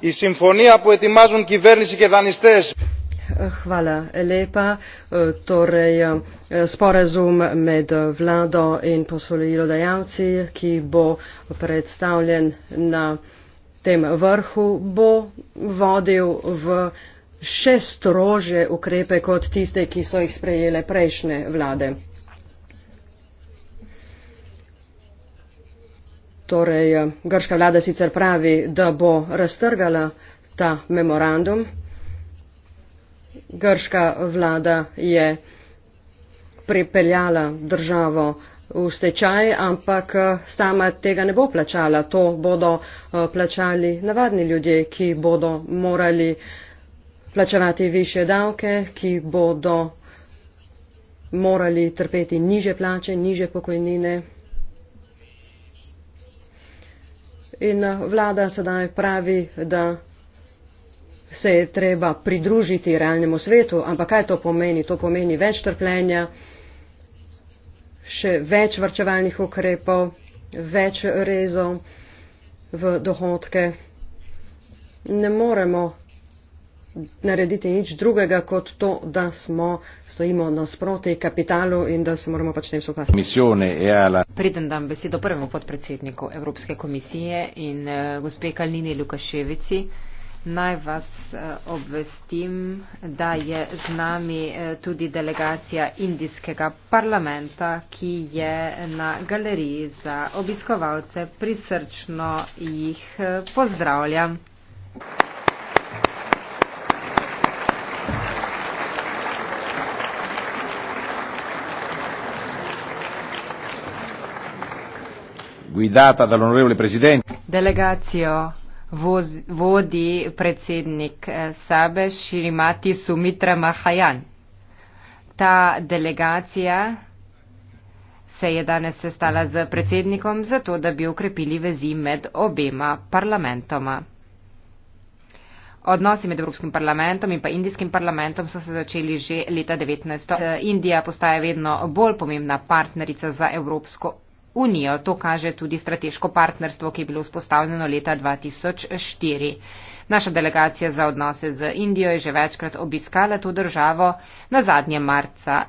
η συμφωνία που ετοιμάζουν κυβέρνηση και δανειστές Hvala lepa. Torej, sporazum med vlado in posolilodajalci, ki bo predstavljen na tem vrhu, bo vodil v še strože ukrepe kot tiste, ki so jih sprejele prejšnje vlade. Torej, eh, grška vlada sicer pravi, da bo raztrgala ta memorandum. Grška vlada je pripeljala državo v stečaj, ampak eh, sama tega ne bo plačala. To bodo eh, plačali navadni ljudje, ki bodo morali plačevati više davke, ki bodo morali trpeti niže plače, niže pokojnine. In eh, vlada sedaj pravi, da se je treba pridružiti realnemu svetu, ampak kaj to pomeni? To pomeni več trpljenja, še več vrčevalnih ukrepov, več rezov v dohodke. Ne moremo narediti nič drugega kot to, da smo, stojimo nasproti kapitalu in da se moramo pač tem sopasti. E Preden dam besedo prvemu podpredsedniku Evropske komisije in uh, gospe Kalnini Lukaševici, naj vas uh, obvestim, da je z nami uh, tudi delegacija indijskega parlamenta, ki je na galeriji za obiskovalce. Prisrčno jih uh, pozdravljam. guidata dall'onorevole Presidente. Delegazio. Vodi predsednik eh, Sabe Shirimati Sumitra Mahayan. Ta delegacija se je danes sestala z predsednikom, zato da bi ukrepili vezi med obema parlamentoma. Odnosi med Evropskim parlamentom in pa Indijskim parlamentom so se začeli že leta 1900. Eh, Indija postaja vedno bolj pomembna partnerica za Evropsko unijo. To kaže tudi strateško partnerstvo, ki je bilo vzpostavljeno leta 2004. Naša delegacija za odnose z Indijo je že večkrat obiskala to državo na zadnje marca.